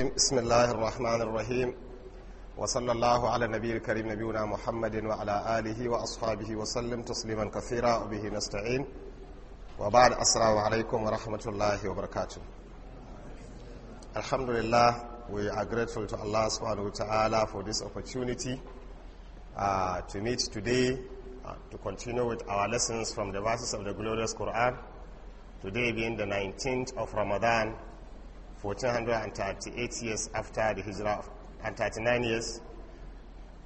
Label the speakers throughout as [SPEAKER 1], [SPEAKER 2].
[SPEAKER 1] الرجيم بسم الله الرحمن الرحيم وصلى الله على النبي الكريم نبينا محمد وعلى آله وأصحابه وسلم تسليما كثيرا وبه نستعين وبعد السلام عليكم ورحمة الله وبركاته الحمد لله we are grateful to Allah subhanahu wa ta'ala for this opportunity uh, to meet today uh, to continue with our lessons from the verses of the glorious Quran today being the 19th of Ramadan 1438 years after the hijrah of, and 39 years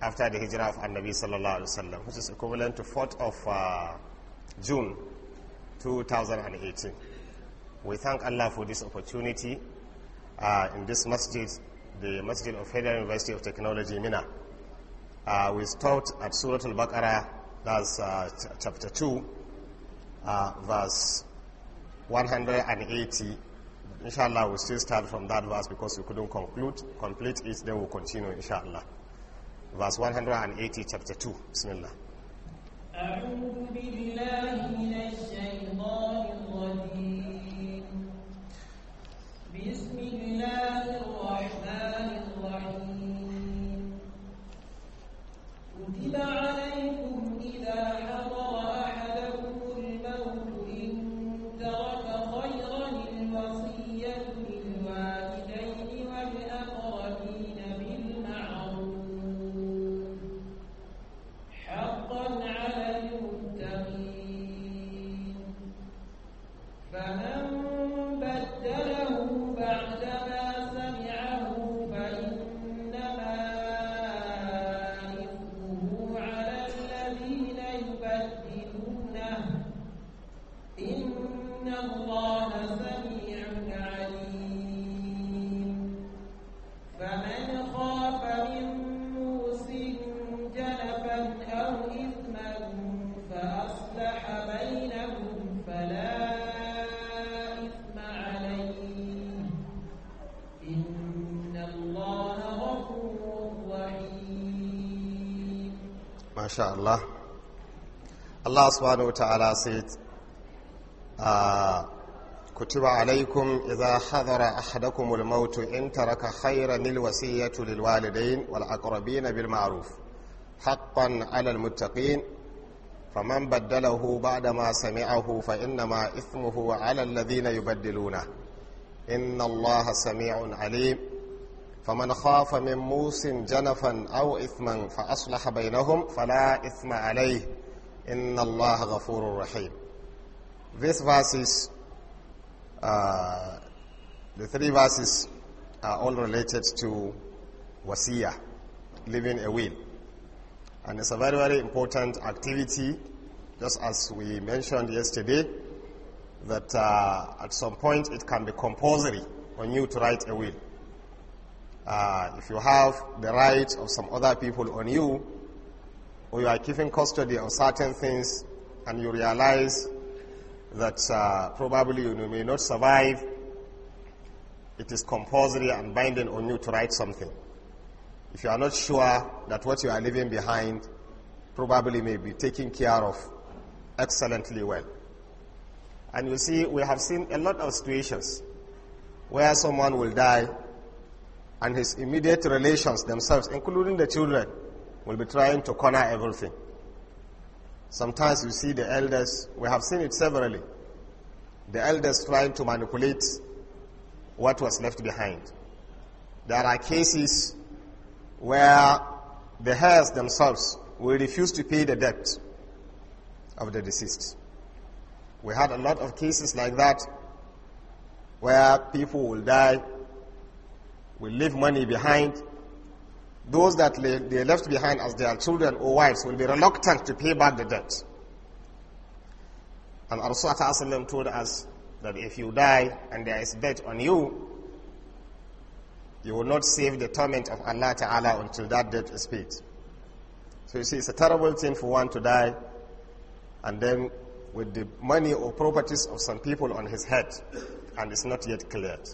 [SPEAKER 1] after the hijrah of An-Nabi sallallahu alaihi wasallam, which is equivalent to 4th of uh, June 2018. We thank Allah for this opportunity uh, in this masjid, the masjid of Federal University of Technology, Mina. Uh, we start at Surah Al-Baqarah, that's uh, ch chapter 2, uh, verse 180 Inshallah, we'll still start from that verse because we couldn't conclude, complete it, then we'll continue, inshallah. Verse 180, chapter 2. Bismillah. كتب عليكم إذا حضر شاء Allah الله سبحانه ta'ala سيد كتب عليكم إذا حضر أحدكم الموت إن ترك خيرا الوصية للوالدين والأقربين بالمعروف حقا على المتقين فمن بدله بعدما سمعه فإنما إثمه على الذين يبدلونه إن الله سميع عليم فمن خاف من موس جنفا أو إثما فأصلح بينهم فلا إثم عليه إن الله غفور رحيم These verses, uh, the three verses are all related to wasiya, leaving a will. And it's a very, very important activity, just as we mentioned yesterday, that uh, at some point it can be compulsory on you to write a will. Uh, if you have the rights of some other people on you, or you are keeping custody of certain things, and you realize that uh, probably you may not survive, it is compulsory and binding on you to write something. If you are not sure that what you are leaving behind probably may be taken care of excellently well. And you see, we have seen a lot of situations where someone will die and his immediate relations themselves, including the children, will be trying to corner everything. Sometimes you see the elders, we have seen it severally, the elders trying to manipulate what was left behind. There are cases where the heirs themselves will refuse to pay the debt of the deceased. We had a lot of cases like that where people will die will leave money behind. Those that they left behind as their children or wives will be reluctant to pay back the debt. And Rasulullah told us that if you die and there is debt on you, you will not save the torment of Allah Ta'ala until that debt is paid. So you see, it's a terrible thing for one to die and then with the money or properties of some people on his head and it's not yet cleared.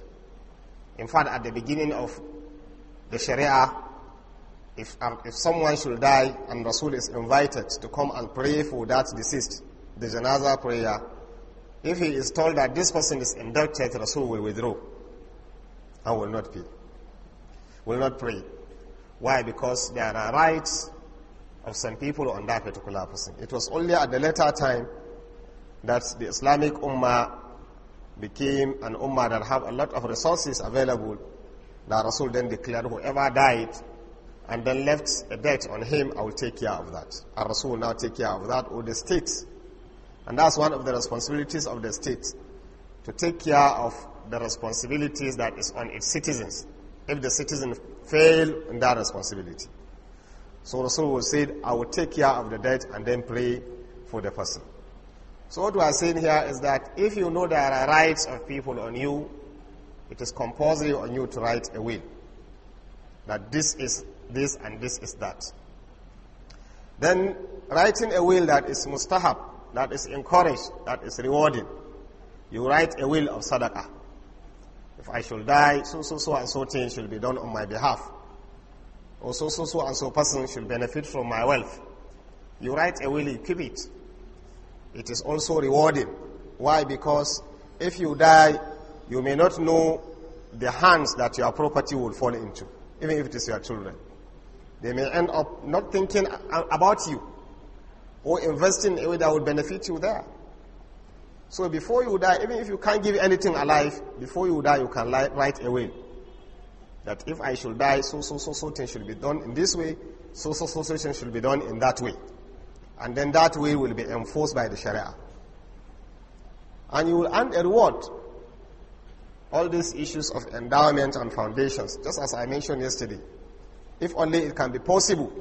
[SPEAKER 1] In fact, at the beginning of the Sharia, if, um, if someone should die and Rasul is invited to come and pray for that deceased, the another prayer, if he is told that this person is inducted, Rasul will withdraw and will not pray. Will not pray. Why? Because there are rights of some people on that particular person. It was only at the later time that the Islamic Ummah became an ummah that have a lot of resources available. That Rasul then declared, whoever died and then left a debt on him, I will take care of that. And Rasul now take care of that, or the state. And that's one of the responsibilities of the state, to take care of the responsibilities that is on its citizens, if the citizen fail in that responsibility. So Rasul say, I will take care of the debt and then pray for the person. So what we are saying here is that if you know there are rights of people on you, it is compulsory on you to write a will. That this is this and this is that. Then writing a will that is mustahab, that is encouraged, that is rewarding. You write a will of sadaqah. If I should die, so, so, so, and so thing should be done on my behalf. Or so, so, so, and so person should benefit from my wealth. You write a will, you keep it it is also rewarding. Why? Because if you die, you may not know the hands that your property will fall into, even if it is your children. They may end up not thinking uh, about you or investing in a way that would benefit you there. So before you die, even if you can't give anything alive, before you die, you can write a will. That if I should die, so, so, so, so things should be done in this way, so, so, so, so things should be done in that way. And then that way will be enforced by the Sharia. And you will earn a reward. All these issues of endowment and foundations, just as I mentioned yesterday, if only it can be possible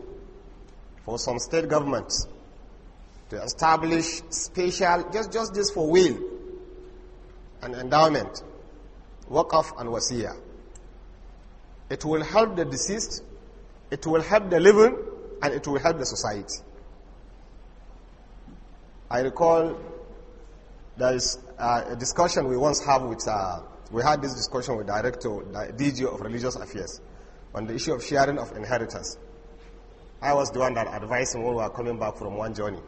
[SPEAKER 1] for some state governments to establish special, just, just this for will and endowment, Wakaf and wasiyah. It will help the deceased, it will help the living, and it will help the society. I recall there is a discussion we once have with, uh, we had this discussion with Director, DG of Religious Affairs on the issue of sharing of inheritance. I was the one that advised him when we were coming back from one journey.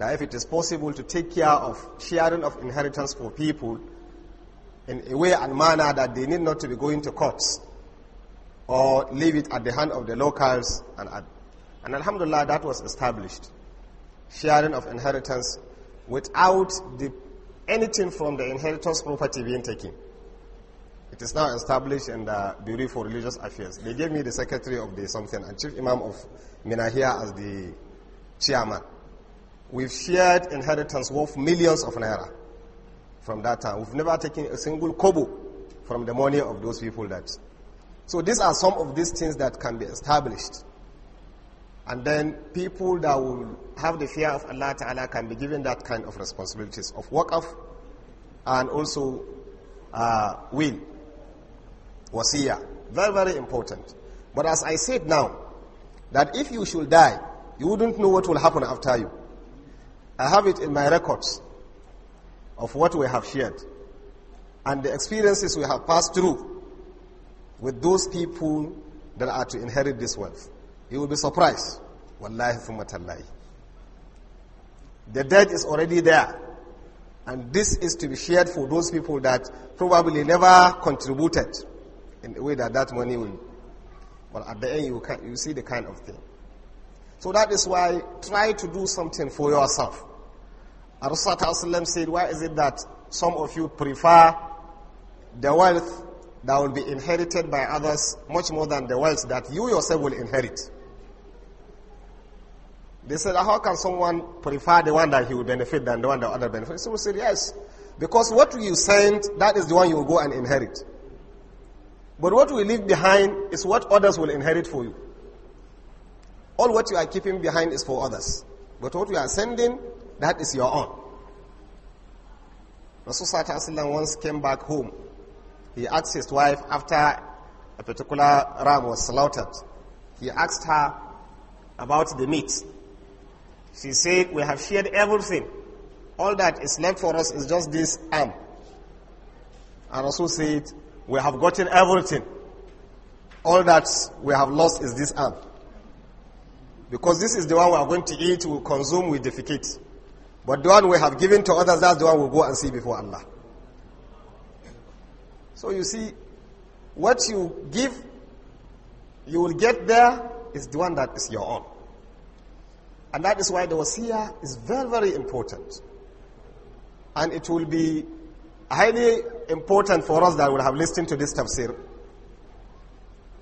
[SPEAKER 1] Now, if it is possible to take care of sharing of inheritance for people in a way and manner that they need not to be going to courts or leave it at the hand of the locals, and, and Alhamdulillah, that was established sharing of inheritance without the, anything from the inheritance property being taken. It is now established in the Bureau for Religious Affairs. They gave me the secretary of the something and chief imam of Minahia as the chairman. We've shared inheritance worth millions of naira from that time. We've never taken a single kobo from the money of those people that. So these are some of these things that can be established and then people that will have the fear of Allah Ta'ala can be given that kind of responsibilities of of, and also uh, will, wasiyah. Very, very important. But as I said now, that if you should die, you wouldn't know what will happen after you. I have it in my records of what we have shared and the experiences we have passed through with those people that are to inherit this wealth. You will be surprised. Wallahi thumatallahi. The dead is already there. And this is to be shared for those people that probably never contributed in a way that that money will. But at the end, you, can, you see the kind of thing. So that is why try to do something for yourself. Rasulullah said, why is it that some of you prefer the wealth that will be inherited by others much more than the wealth that you yourself will inherit? They said, how can someone prefer the one that he will benefit than the one that other benefits? So we said, yes. Because what you send, that is the one you will go and inherit. But what we leave behind is what others will inherit for you. All what you are keeping behind is for others. But what you are sending, that is your own. Rasul once came back home. He asked his wife after a particular ram was slaughtered. He asked her about the meat. She said, We have shared everything. All that is left for us is just this arm. And Rasul said, We have gotten everything. All that we have lost is this arm. Because this is the one we are going to eat, we consume, we defecate. But the one we have given to others, that's the one we'll go and see before Allah. So you see, what you give, you will get there is the one that is your own. And that is why the wasiya is very, very important. And it will be highly important for us that will have listened to this tafsir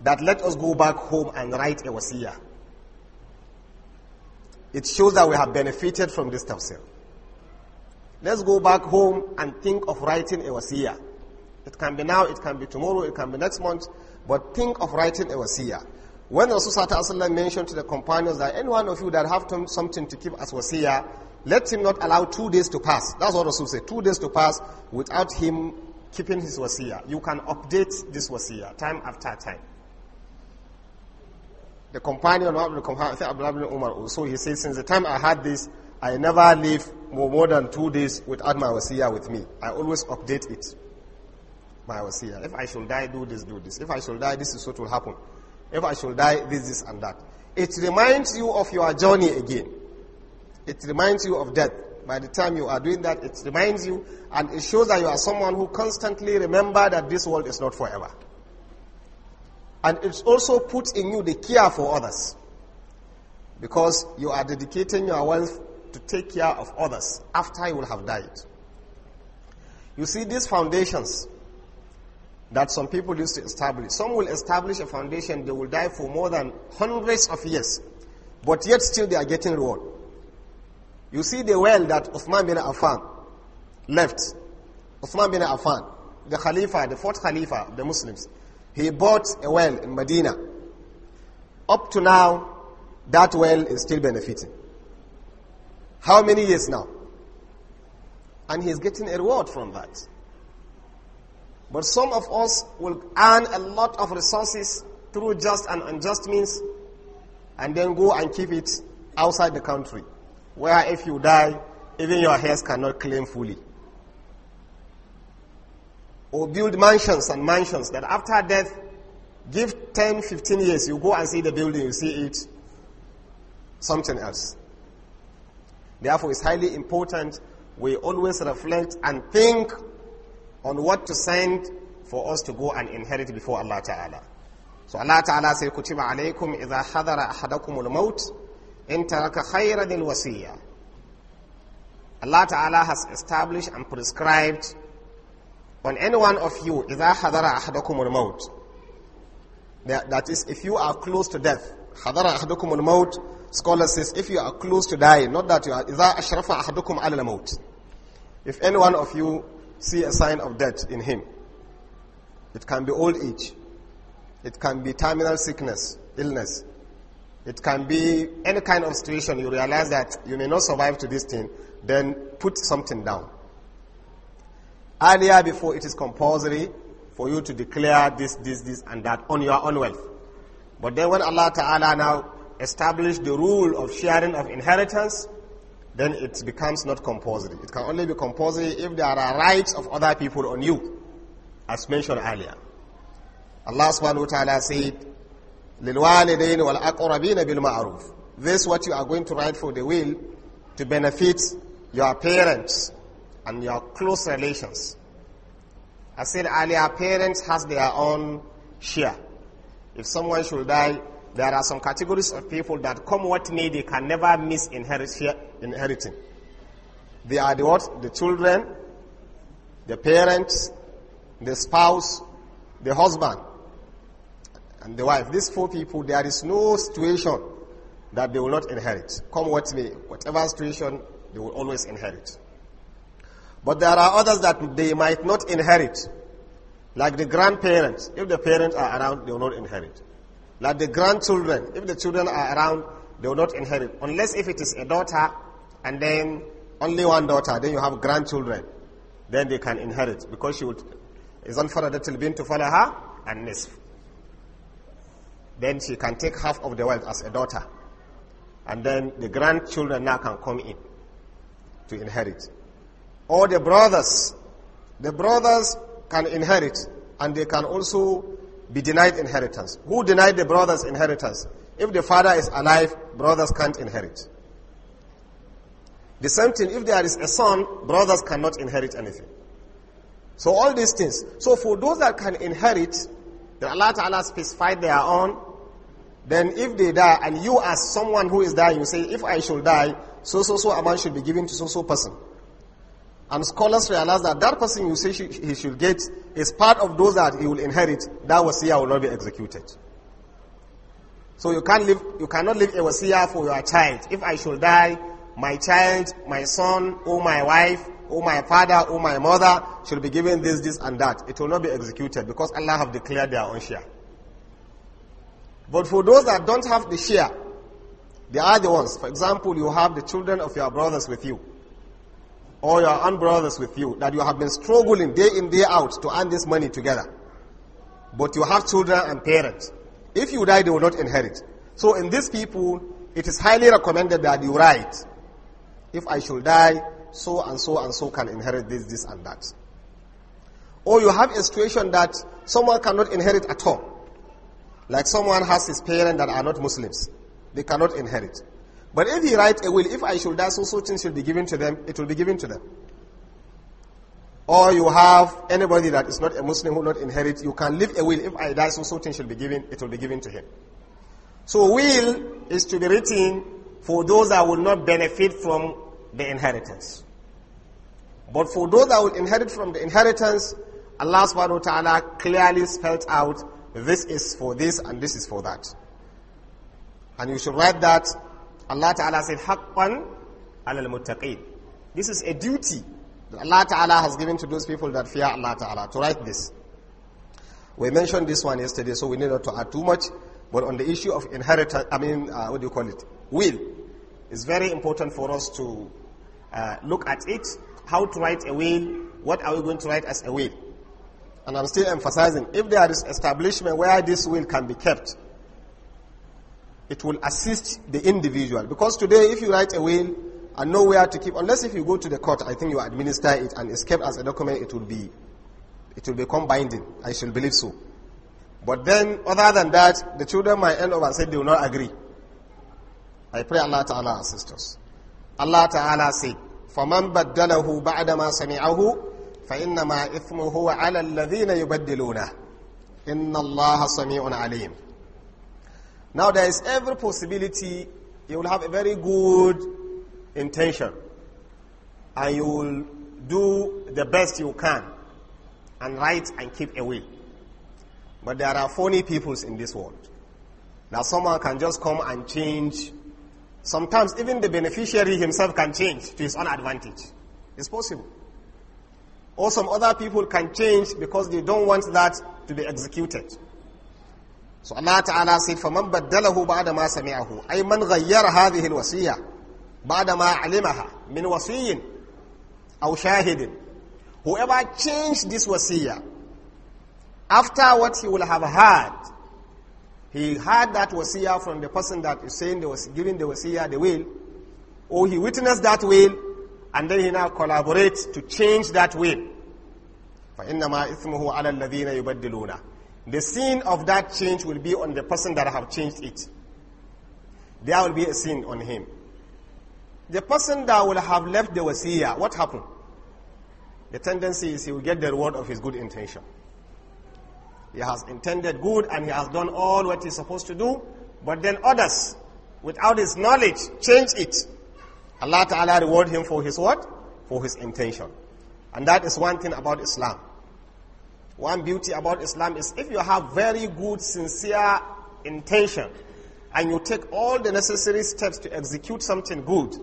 [SPEAKER 1] that let us go back home and write a wasiya. It shows that we have benefited from this tafsir. Let's go back home and think of writing a wasiya. It can be now, it can be tomorrow, it can be next month, but think of writing a wasiya. When the Rasul mentioned to the companions that any one of you that have to, something to keep as wasiyah, let him not allow two days to pass. That's what Rasul said, two days to pass without him keeping his wasiyah. You can update this wasiyah time after time. The companion of the companion Umar also, he said, since the time I had this, I never leave more than two days without my wasiyah with me. I always update it. My wasiyah. If I shall die, do this, do this. If I shall die, this is what will happen. If I should die, this, this, and that. It reminds you of your journey again. It reminds you of death. By the time you are doing that, it reminds you and it shows that you are someone who constantly remember that this world is not forever. And it also puts in you the care for others. Because you are dedicating your wealth to take care of others after you will have died. You see, these foundations that some people used to establish. Some will establish a foundation, they will die for more than hundreds of years, but yet still they are getting reward. You see the well that Uthman bin Affan left. Uthman bin Affan, the Khalifa, the fourth Khalifa of the Muslims, he bought a well in Medina. Up to now, that well is still benefiting. How many years now? And he's getting a reward from that. But some of us will earn a lot of resources through just and unjust means and then go and keep it outside the country, where if you die, even your heirs cannot claim fully. Or build mansions and mansions that after death, give 10, 15 years, you go and see the building, you see it, something else. Therefore, it's highly important we always reflect and think on what to send for us to go and inherit before Allah Ta'ala. So Allah Ta'ala says, كُتِبَ عَلَيْكُمْ إِذَا حَذَرَ أَحَدَكُمُ الْمَوْتِ إِن تَرَكَ خَيْرًا الْوَسِيَّةِ Allah Ta'ala has established and prescribed on any one of you, إِذَا حَذَرَ أَحَدَكُمُ الْمَوْتِ that, that is, if you are close to death, حَذَرَ أَحَدَكُمُ الْمَوْتِ Scholar says, if you are close to die, not that you are, إِذَا أَشْرَفَ أَحَدَكُمْ عَلَى الْمَوْتِ If any one of you see a sign of death in him. It can be old age. It can be terminal sickness, illness. It can be any kind of situation you realize that you may not survive to this thing, then put something down. Earlier before it is compulsory for you to declare this, this, this and that on your own wealth. But then when Allah Ta'ala now established the rule of sharing of inheritance, then it becomes not compulsory. It can only be compulsory if there are rights of other people on you, as mentioned earlier. Allah subhanahu wa ta'ala said, لِلْوَالِدَيْنِ وَالْأَقْرَبِينَ بِالْمَعْرُوفِ This what you are going to write for the will to benefit your parents and your close relations. I said earlier, parents has their own share. If someone should die, there are some categories of people that come what may, they can never miss inherit, inheriting. They are the what? The children, the parents, the spouse, the husband, and the wife. These four people, there is no situation that they will not inherit. Come what may, whatever situation, they will always inherit. But there are others that they might not inherit, like the grandparents. If the parents are around, they will not inherit that the grandchildren, if the children are around, they will not inherit. Unless if it is a daughter and then only one daughter, then you have grandchildren, then they can inherit because she would. is to follow her and النصف then she can take half of the wealth as a daughter. And then the grandchildren now can come in to inherit. Or the brothers, the brothers can inherit and they can also be denied inheritance. Who denied the brother's inheritance? If the father is alive, brothers can't inherit. The same thing, if there is a son, brothers cannot inherit anything. So all these things. So for those that can inherit, that Allah Ta'ala specified their own, then if they die, and you as someone who is dying, you say, if I should die, so, so, so a man should be given to so, so person. And scholars realize that that person you say he should get is part of those that he will inherit. That wasiya will not be executed. So you can't live, you cannot leave a wasiya for your child. If I should die, my child, my son, or my wife, or my father, or my mother should be given this, this, and that. It will not be executed because Allah have declared their own share. But for those that don't have the share, they are the ones. For example, you have the children of your brothers with you or your own brothers with you that you have been struggling day in, day out to earn this money together. But you have children and parents. If you die, they will not inherit. So in these people, it is highly recommended that you write, if I should die, so and so and so can inherit this, this and that. Or you have a situation that someone cannot inherit at all. Like someone has his parents that are not Muslims. They cannot inherit. But if he writes a will, if I should die, so certain should be given to them, it will be given to them. Or you have anybody that is not a Muslim who will not inherit, you can leave a will. If I die, so certain should be given, it will be given to him. So will is to be written for those that will not benefit from the inheritance. But for those that will inherit from the inheritance, Allah subhanahu wa ta'ala clearly spelled out this is for this and this is for that. And you should write that Allah Ta'ala said, Haqqan al muttaqeen. This is a duty that Allah Ta'ala has given to those people that fear Allah Ta'ala to write this. We mentioned this one yesterday, so we need not to add too much. But on the issue of inheritance, I mean, uh, what do you call it? Will. It's very important for us to uh, look at it, how to write a will, what are we going to write as a will. And I'm still emphasizing, if there is establishment where this will can be kept, it will assist the individual. Because today, if you write a will and nowhere to keep, unless if you go to the court, I think you administer it and escape as a document, it will be, it will become binding. I shall believe so. But then, other than that, the children might end up and say they will not agree. I pray Allah Ta'ala assist us. Allah Ta'ala said, فَمَنْ بَدَّلَهُ بَعْدَمَا سَمِعَهُ فَإِنَّمَا إِثْمُهُ عَلَى الَّذِينَ يُبَدِّلُونَهُ إِنَّ اللَّهَ سَمِيعٌ عَلِيمٌ now there is every possibility you will have a very good intention and you will do the best you can and write and keep away. But there are phony peoples in this world. Now someone can just come and change. Sometimes even the beneficiary himself can change to his own advantage. It's possible. Or some other people can change because they don't want that to be executed. So Allah Ta'ala said, فَمَنْ بَدَّلَهُ بَعْدَ مَا سَمِعَهُ أي من غير هذه الوصية بعد ما علمها من وصي أو شاهد Whoever changed this wasiyah after what he will have heard, he heard that wasiyah from the person that is saying the was giving the wasiyah the will, or he witnessed that will, and then he now collaborates to change that will. فإنما إثمه على الذين يبدلونه The sin of that change will be on the person that have changed it. There will be a sin on him. The person that will have left the wasiyah, what happened? The tendency is he will get the reward of his good intention. He has intended good and he has done all what he's supposed to do, but then others, without his knowledge, change it. Allah Ta'ala reward him for his what? For his intention. And that is one thing about Islam. One beauty about Islam is if you have very good, sincere intention and you take all the necessary steps to execute something good,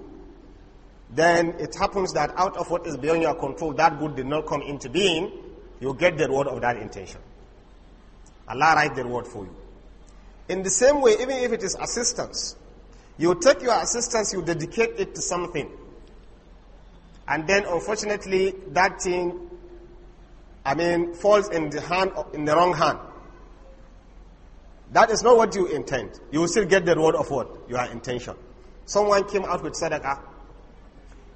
[SPEAKER 1] then it happens that out of what is beyond your control, that good did not come into being, you get the reward of that intention. Allah write the reward for you. In the same way, even if it is assistance, you take your assistance, you dedicate it to something. And then, unfortunately, that thing I mean, falls in the hand, in the wrong hand. That is not what you intend. You will still get the reward of what? Your intention. Someone came out with sadaqah.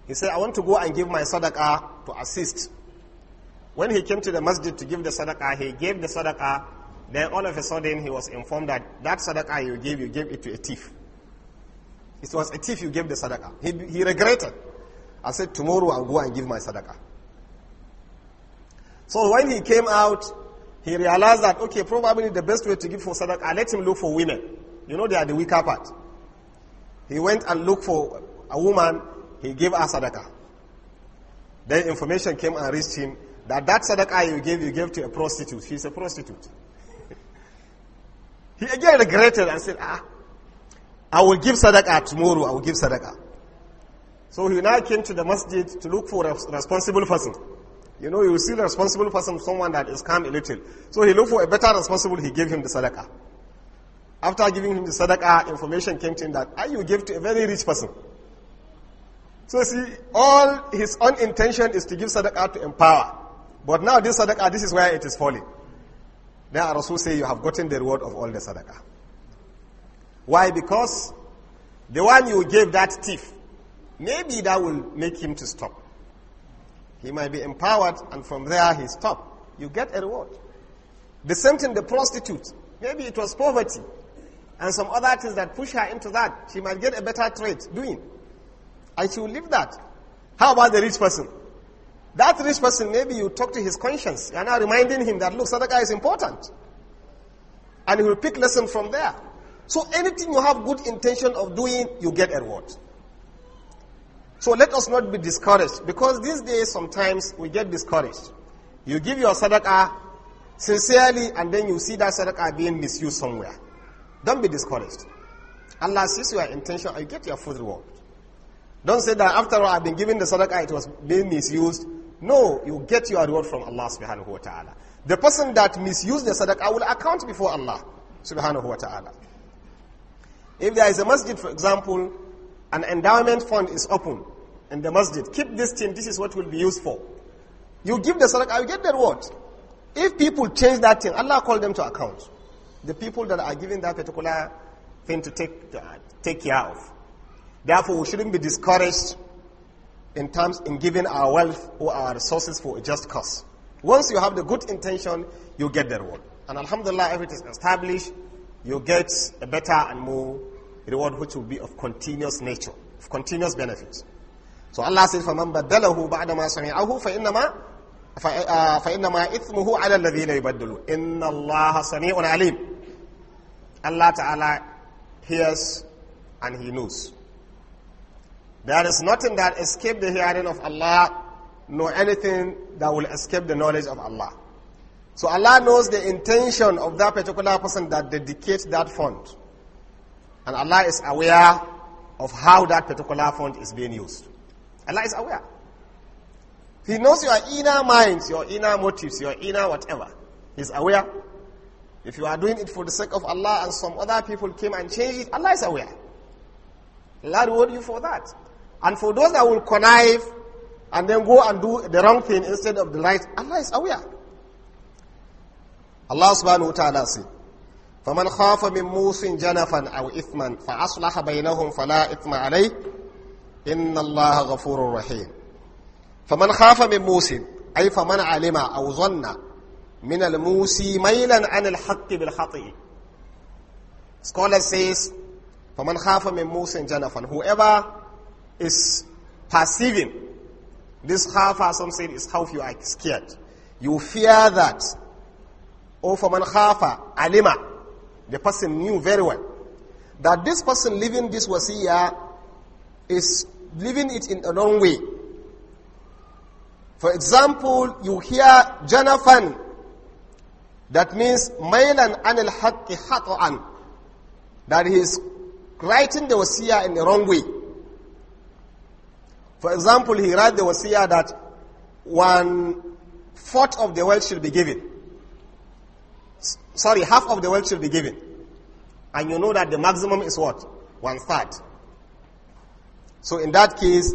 [SPEAKER 1] He said, I want to go and give my sadaqah to assist. When he came to the masjid to give the sadaqah, he gave the sadaqah. Then all of a sudden, he was informed that that sadaqah you gave, you gave it to a thief. It was a thief you gave the sadaqah. He, he regretted. I said, tomorrow I'll go and give my sadaqah. So when he came out, he realized that, okay, probably the best way to give for sadaqah, I let him look for women. You know, they are the weaker part. He went and looked for a woman, he gave her sadaqah. Then information came and reached him that that sadaqah you gave, you gave to a prostitute. He's a prostitute. he again regretted and said, ah, I will give sadaqah tomorrow, I will give sadaqah. So he now came to the masjid to look for a responsible person. You know, you see the responsible person, someone that is calm a little. So he looked for a better responsible, he gave him the sadaqah. After giving him the sadaqah, information came to him that I ah, you gave to a very rich person. So see, all his own intention is to give sadaqah to empower. But now this sadaqah, this is where it is falling. Then Rasul say you have gotten the reward of all the sadaqah. Why? Because the one you gave that thief, maybe that will make him to stop. He might be empowered and from there he stop. You get a reward. The same thing, the prostitute. Maybe it was poverty and some other things that push her into that. She might get a better trade doing. And she will leave that. How about the rich person? That rich person, maybe you talk to his conscience. You are now reminding him that, look, sadaqah is important. And he will pick lesson from there. So anything you have good intention of doing, you get a reward. So let us not be discouraged because these days sometimes we get discouraged. You give your sadaqah sincerely and then you see that sadaqah being misused somewhere. Don't be discouraged. Allah sees your intention and you get your full reward. Don't say that after all I've been giving the sadaqah it was being misused. No, you get your reward from Allah subhanahu wa ta'ala. The person that misused the sadaqah will account before Allah subhanahu wa ta'ala. If there is a masjid, for example, an endowment fund is open in the masjid. Keep this thing. This is what will be used for. You give the sadaqah, you get the reward. If people change that thing, Allah call them to account. The people that are giving that particular thing to take, to, uh, take care of. Therefore, we shouldn't be discouraged in terms in giving our wealth or our resources for a just cause. Once you have the good intention, you get the reward. And alhamdulillah, if it is established, you get a better and more reward which will be of continuous nature, of continuous benefits. So Allah says, فَمَنْ بَدَّلَهُ بَعْدَمَا سَمِعَهُ فَإِنَّمَا فَإِنَّمَا إِثْمُهُ عَلَى الَّذِينَ يُبَدِّلُونَ إِنَّ اللَّهَ سَمِيعٌ عَلِيمٌ Allah Ta'ala hears and He knows. There is nothing that escapes the hearing of Allah, nor anything that will escape the knowledge of Allah. So Allah knows the intention of that particular person that dedicates that fund. And Allah is aware of how that particular font is being used. Allah is aware. He knows your inner minds, your inner motives, your inner whatever. He's aware. If you are doing it for the sake of Allah and some other people came and changed it, Allah is aware. Allah reward you for that. And for those that will connive and then go and do the wrong thing instead of the right, Allah is aware. Allah subhanahu wa ta'ala said, فمن خاف من موس جنفا أو إثما فأصلح بينهم فلا إثم عليه إن الله غفور رحيم فمن خاف من موس أي فمن علم أو ظن من الموسي ميلا عن الحق بالخطئ Scholar says, فمن خاف من موسى جنفا whoever is perceiving this khafa some say is how you are scared you fear that or فمن خاف علم The person knew very well that this person living this wasiya is living it in a wrong way. For example, you hear janafan. That means mailan anil haqqi an, That he is writing the wasiya in the wrong way. For example, he wrote the wasiya that one fourth of the wealth should be given sorry, half of the wealth should be given. And you know that the maximum is what? One third. So in that case,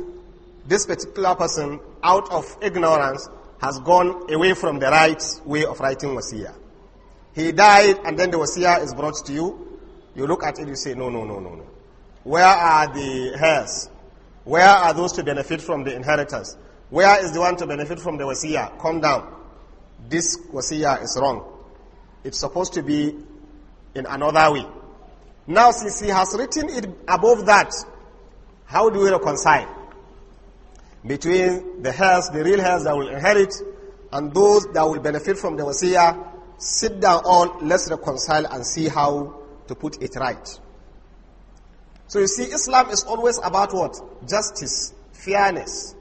[SPEAKER 1] this particular person, out of ignorance, has gone away from the right way of writing wasiya. He died, and then the wasiya is brought to you. You look at it, you say, no, no, no, no, no. Where are the heirs? Where are those to benefit from the inheritance? Where is the one to benefit from the wasiya? Come down. This wasiya is wrong. It's supposed to be in another way. Now, since he has written it above that, how do we reconcile between the heirs, the real heirs that will inherit, and those that will benefit from the wasiyah? Sit down on, let's reconcile and see how to put it right. So you see, Islam is always about what? Justice, fairness.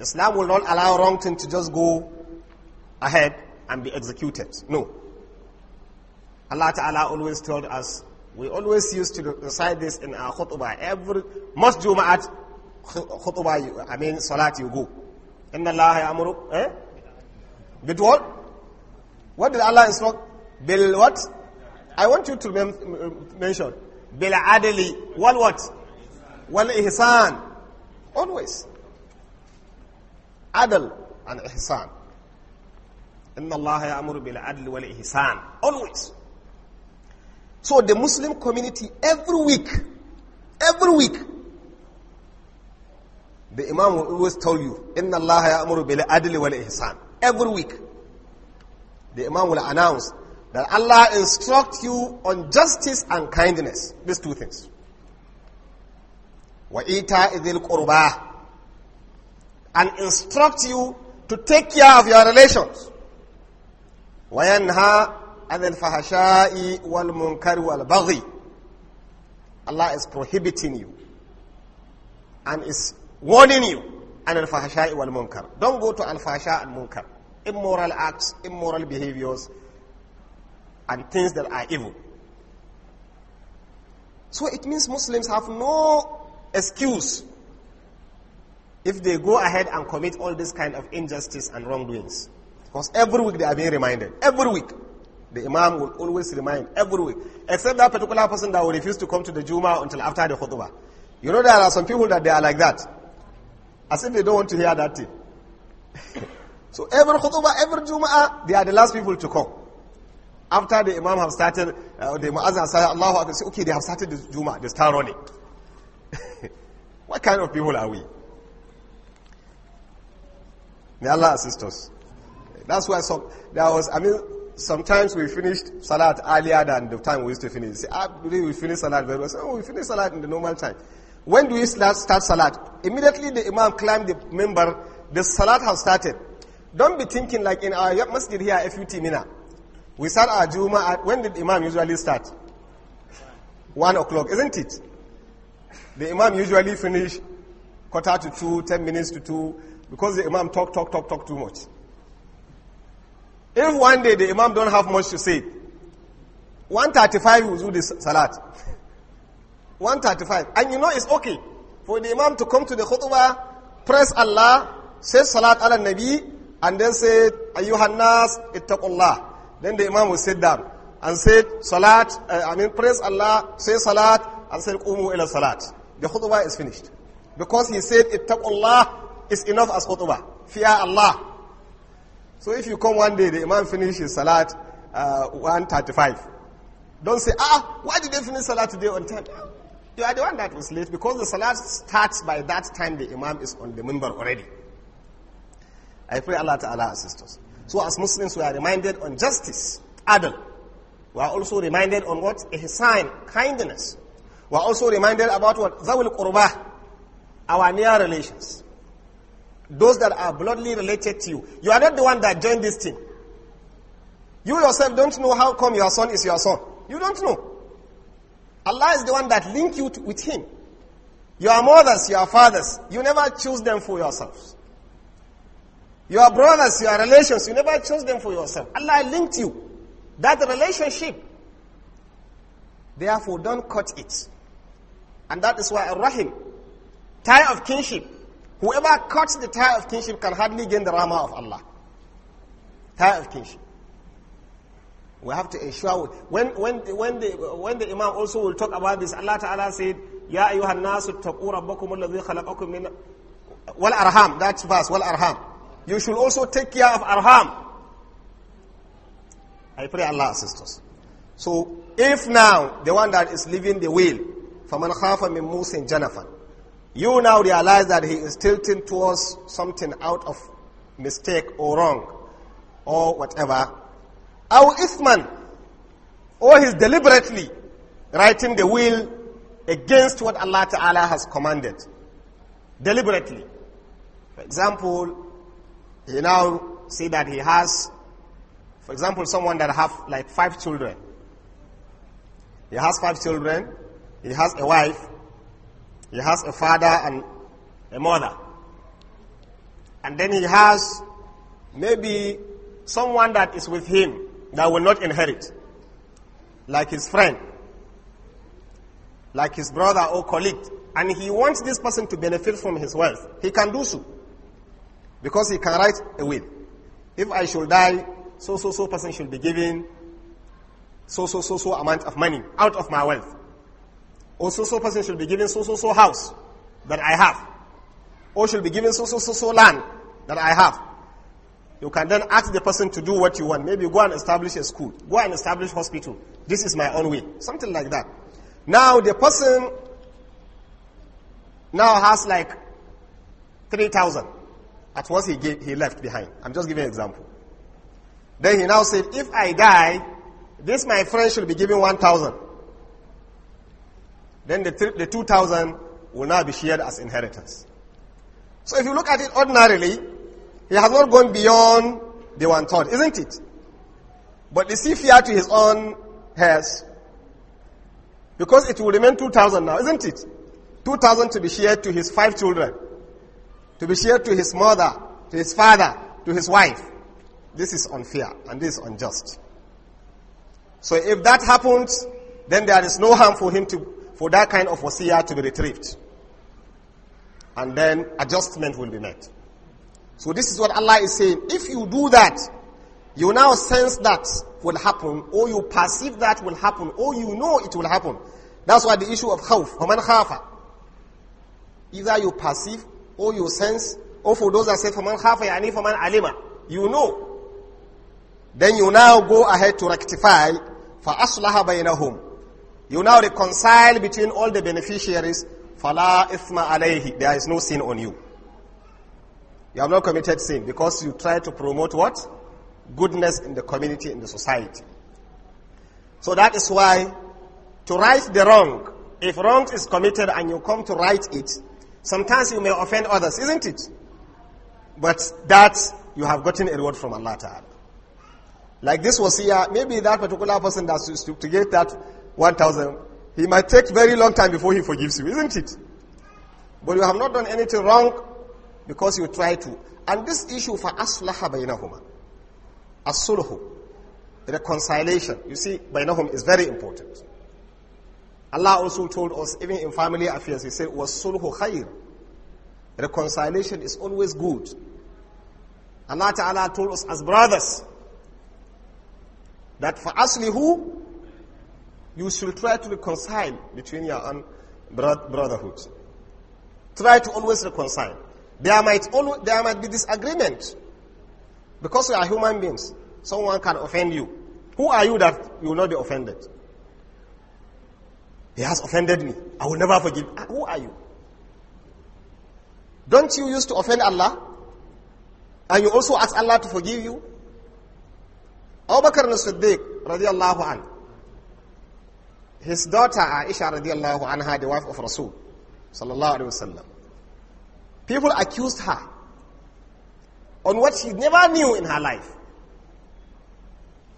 [SPEAKER 1] Islam will not allow wrong thing to just go ahead and be executed. No. Allah Ta'ala always told us, we always used to recite this in our khutbah. Every, most Jum'at khutbah, I mean salat you go. Inna Allah ya'muru, eh? With what? What did Allah instruct? Bil what? I want you to mention. Bil adeli. Wal what? Wal ihsan. Always. Adel and ihsan. إن always so the Muslim community every week every week the Imam will always tell you إن الله adli wal ihsan. every week the Imam will announce that Allah instructs you on justice and kindness these two things ita idil الْقُرْبَى and instruct you to take care of your relations وينهى عن الفحشاء والمنكر والبغي. Allah is prohibiting you and is warning you عن الفحشاء والمنكر. Don't go to al-fahsha and munkar. Immoral acts, immoral behaviors, and things that are evil. So it means Muslims have no excuse if they go ahead and commit all this kind of injustice and wrongdoings. Because every week they are being reminded. Every week. The Imam will always remind every week. Except that particular person that will refuse to come to the Juma until after the khutbah. You know, there are some people that they are like that. As if they don't want to hear that thing. so every khutbah, every Juma, they are the last people to come. After the Imam have started, uh, the Muazzin has started, Allah Akbar, say, okay, they have started the Juma, they start running. what kind of people are we? May Allah assist us. That's why there was, I mean, sometimes we finished Salat earlier than the time we used to finish. we finished Salat very well. So we finished Salat in the normal time. When do we start, start Salat? Immediately the Imam climbed the member, the Salat has started. Don't be thinking like in our masjid here, few Mina. We start our Juma at, when did Imam usually start? One o'clock, isn't it? The Imam usually finish quarter to two, ten minutes to two, because the Imam talk, talk, talk, talk too much. If one day the imam don't have much to say, 135 will do the salat. 135. And you know it's okay for the imam to come to the khutbah, praise Allah, say salat ala nabi, and then say, ayyuhan nas, ittaqullah. Then the imam will sit down and say salat, uh, I mean praise Allah, say salat, and say Umu ila salat. The khutbah is finished. Because he said, ittaqullah is enough as khutbah. Fear Allah. So if you come one day, the Imam finishes Salat uh, one35 Don't say, ah, why did they finish Salat today on time? You are the one that was late because the Salat starts by that time the Imam is on the minbar already. I pray Allah Ta'ala assist us. So as Muslims, we are reminded on justice, adl. We are also reminded on what? Ihsan, kindness. We are also reminded about what? Zawil qurbah, our near relations. Those that are bloodly related to you. You are not the one that joined this team. You yourself don't know how come your son is your son. You don't know. Allah is the one that linked you to, with Him. Your mothers, your fathers, you never choose them for yourselves. Your brothers, your relations, you never chose them for yourself. Allah linked you. That relationship. Therefore, don't cut it. And that is why Ar-Rahim, tie of kinship, Whoever cuts the tie of kinship can hardly gain the rahmah of Allah. Tie of kinship. We have to ensure when when when the when the Imam also will talk about this, Allah Ta'ala said, Ya ayyuhan nasu taqu rabbakum alladhi khalaqakum min wal arham. That's verse, wal arham. You should also take care of arham. I pray Allah assist us. So if now the one that is leaving the will, فَمَنْ خَافَ مِنْ مُوسٍ جَنَفًا you now realize that he is tilting towards something out of mistake or wrong or whatever. Our Isman, or he's deliberately writing the will against what Allah Ta'ala has commanded. Deliberately. For example, he now see that he has, for example, someone that have like five children. He has five children, he has a wife, he has a father and a mother. And then he has maybe someone that is with him that will not inherit, like his friend, like his brother or colleague. And he wants this person to benefit from his wealth. He can do so because he can write a will. If I should die, so so so person should be given so so so so amount of money out of my wealth. Or oh, so so person should be given so so so house that I have. Or oh, should be given so so so so land that I have. You can then ask the person to do what you want. Maybe go and establish a school. Go and establish hospital. This is my own way. Something like that. Now the person now has like 3,000 at once he, gave, he left behind. I'm just giving an example. Then he now said, if I die, this my friend should be given 1,000 then the, the 2,000 will now be shared as inheritance. So if you look at it ordinarily, he has not gone beyond the one third, isn't it? But the see fear to his own heirs because it will remain 2,000 now, isn't it? 2,000 to be shared to his five children, to be shared to his mother, to his father, to his wife. This is unfair and this is unjust. So if that happens, then there is no harm for him to for that kind of wasiyah to be retrieved. And then adjustment will be made. So this is what Allah is saying. If you do that, you now sense that will happen, or you perceive that will happen, or you know it will happen. That's why the issue of khawf, وَمَنْ خَافَ Either you perceive, or you sense, or for those that say فَمَنْ خَافَ يعني فَمَنْ alima, You know. Then you now go ahead to rectify فَأَصْلَحَ بَيْنَهُمْ you now reconcile between all the beneficiaries. Fala ifma alayhi. There is no sin on you. You have not committed sin because you try to promote what? Goodness in the community, in the society. So that is why to right the wrong, if wrong is committed and you come to right it, sometimes you may offend others, isn't it? But that you have gotten a reward from Allah Ta'ala. Like this was here, maybe that particular person does to get that 1,000, he might take very long time before he forgives you, isn't it? But you have not done anything wrong because you try to. And this issue for aslaha bainahuma, as-sulhu, reconciliation. You see, bainahum is very important. Allah also told us, even in family affairs, He said, "Wasulhu khair." Reconciliation is always good. Allah Taala told us as brothers that for aslihu you should try to reconcile between your own brotherhood. Try to always reconcile. There might, always, there might be disagreement because we are human beings. Someone can offend you. Who are you that you will not be offended? He has offended me. I will never forgive. Ah, who are you? Don't you used to offend Allah? And you also ask Allah to forgive you? Abu Bakr as-Siddiq, radiallahu anhu, his daughter Aisha radiallahu anha, the wife of Rasul sallallahu alaihi wasallam. People accused her on what she never knew in her life.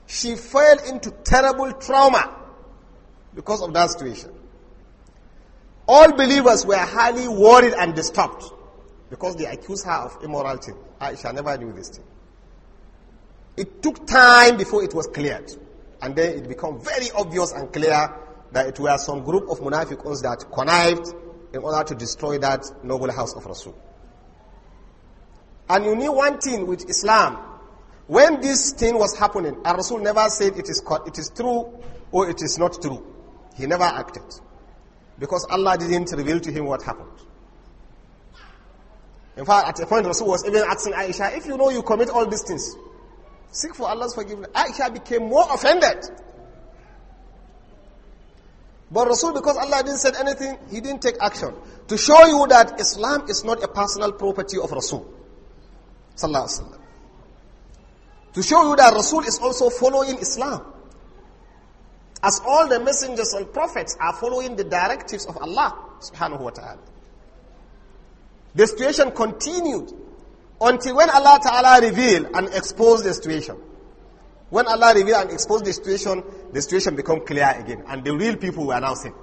[SPEAKER 1] She fell into terrible trauma because of that situation. All believers were highly worried and disturbed because they accused her of immorality. Aisha never knew this thing. It took time before it was cleared. And then it became very obvious and clear that it were some group of munafiquns that connived in order to destroy that noble house of Rasul. And you knew one thing with Islam. When this thing was happening, Rasul never said it is, it is true or it is not true. He never acted. Because Allah didn't reveal to him what happened. In fact, at a point, Rasul was even asking Aisha, if you know you commit all these things, seek for Allah's forgiveness. Aisha became more offended but Rasul, because Allah didn't say anything, he didn't take action. To show you that Islam is not a personal property of Rasul. To show you that Rasul is also following Islam. As all the messengers and prophets are following the directives of Allah subhanahu wa ta'ala. The situation continued until when Allah ta'ala revealed and exposed the situation. When Allah revealed and exposed the situation, the situation became clear again, and the real people were now saved.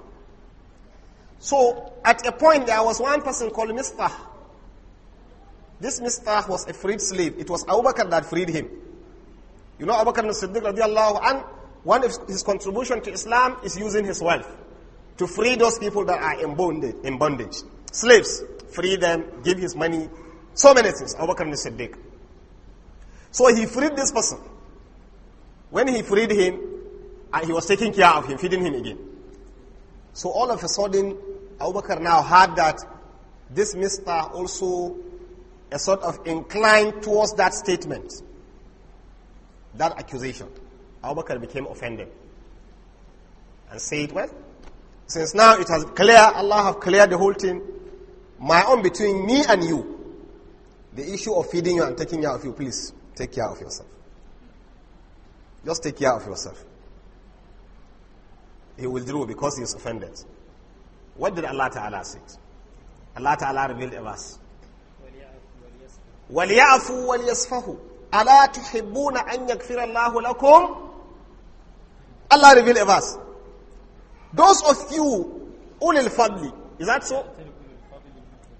[SPEAKER 1] So at a point, there was one person called Mr. This Mr. was a freed slave. It was Abu Bakr that freed him. You know, Abu Bakr al-Siddiq radiallahu And one of his contribution to Islam is using his wealth to free those people that are in bondage. In bondage. Slaves, free them, give his money, so many things. Abu Bakr al-Siddiq. So he freed this person. When he freed him, and he was taking care of him, feeding him again. So all of a sudden, Abu Bakr now heard that this mister also a sort of inclined towards that statement, that accusation. Abu Bakr became offended and said, well, since now it has clear, Allah have cleared the whole thing, my own between me and you, the issue of feeding you and taking care of you, please take care of yourself. Just take care of yourself. He will withdrew because he is offended. What did Allah Ta'ala say? Allah Ta'ala revealed a verse. وَلْيَعْفُوا وَلْيَصْفَهُوا أَلَا تُحِبُّونَ أَنْ يَكْفِرَ اللَّهُ لَكُمْ Allah revealed a verse. Those of you, ulil fadli, is that so?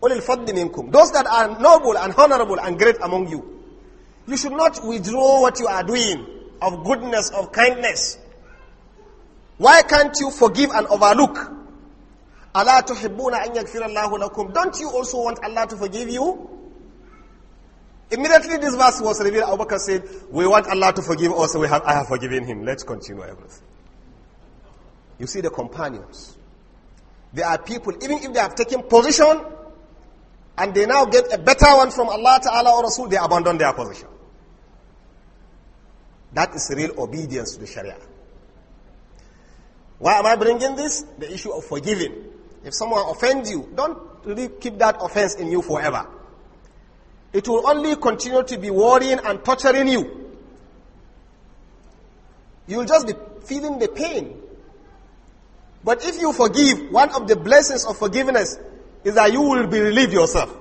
[SPEAKER 1] Ulil fadli minkum. Those that are noble and honorable and great among you, you should not withdraw what you are doing of goodness, of kindness. Why can't you forgive and overlook? Allah tuhibbuna an yaghfira Allahu lakum. Don't you also want Allah to forgive you? Immediately this verse was revealed, Abu Bakr said, we want Allah to forgive us, we have, I have forgiven him. Let's continue everything. You see the companions. There are people, even if they have taken position, and they now get a better one from Allah Ta'ala or Rasul, they abandon their position. That is real obedience to the Sharia. Why am I bringing this? The issue of forgiving. If someone offends you, don't really keep that offense in you forever. It will only continue to be worrying and torturing you. You will just be feeling the pain. But if you forgive, one of the blessings of forgiveness is that you will be relieved yourself.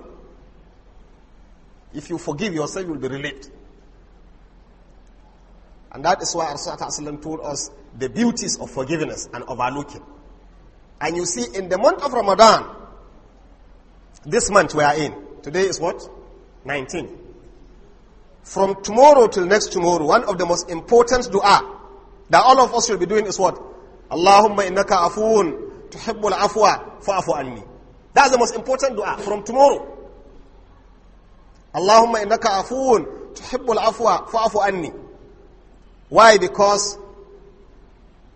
[SPEAKER 1] If you forgive yourself, you will be relieved. And that is why Rasulullah told us the beauties of forgiveness and overlooking. And you see, in the month of Ramadan, this month we are in, today is what? 19. From tomorrow till next tomorrow, one of the most important dua that all of us should be doing is what? Allahumma innaka afoon tuhibbul afwa fa'afu anni. That's the most important dua from tomorrow. Allahumma innaka afoon tuhibbul afwa fa'afu anni. Why? Because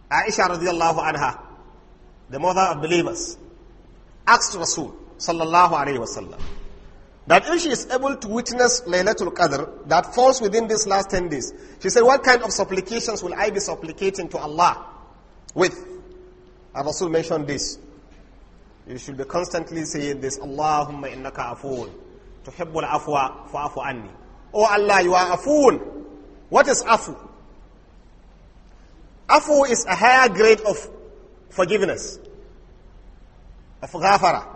[SPEAKER 1] Aisha radiallahu anha, the mother of believers, asked Rasul sallallahu alayhi wasallam that if she is able to witness Laylatul Qadr that falls within these last 10 days, she said, what kind of supplications will I be supplicating to Allah with? And Rasul mentioned this. You should be constantly saying this, Allahumma innaka afoon, tuhibbul afwa fa'afu anni. Oh Allah, you are afoon. What is afu? Afu is a higher grade of forgiveness, of ghafara.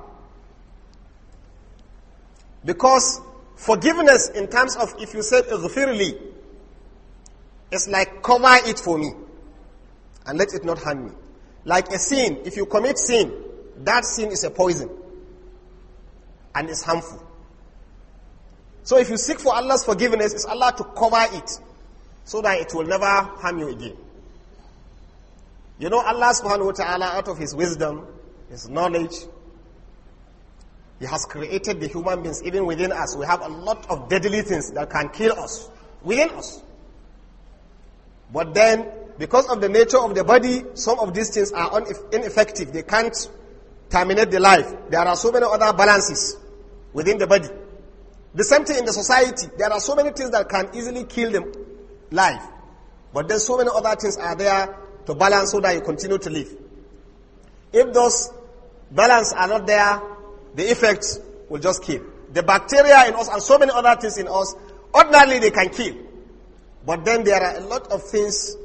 [SPEAKER 1] Because forgiveness in terms of if you said ighfirli, it's like cover it for me and let it not harm me. Like a sin, if you commit sin, that sin is a poison and it's harmful. So if you seek for Allah's forgiveness, it's Allah to cover it so that it will never harm you again. You know, Allah subhanahu wa ta'ala, out of His wisdom, His knowledge, He has created the human beings even within us. We have a lot of deadly things that can kill us within us. But then, because of the nature of the body, some of these things are ineffective. They can't terminate the life. There are so many other balances within the body. The same thing in the society. There are so many things that can easily kill the life. But then so many other things are there to balance so that you continue to live. If those balance are not there, the effects will just kill. The bacteria in us and so many other things in us, ordinarily they can kill. But then there are a lot of things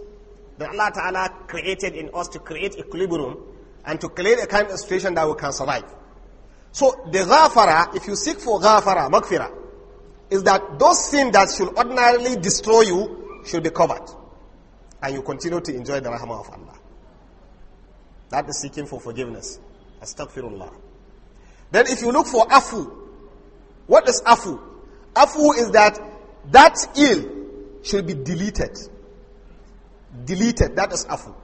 [SPEAKER 1] that Allah Ta'ala created in us to create equilibrium and to create a kind of situation that we can survive. So the ghafara, if you seek for ghafara, makfira, is that those things that should ordinarily destroy you should be covered and you continue to enjoy the rahmah of Allah. That is seeking for forgiveness. Astaghfirullah. Then if you look for afu, what is afu? Afu is that that ill should be deleted. Deleted, that is afu.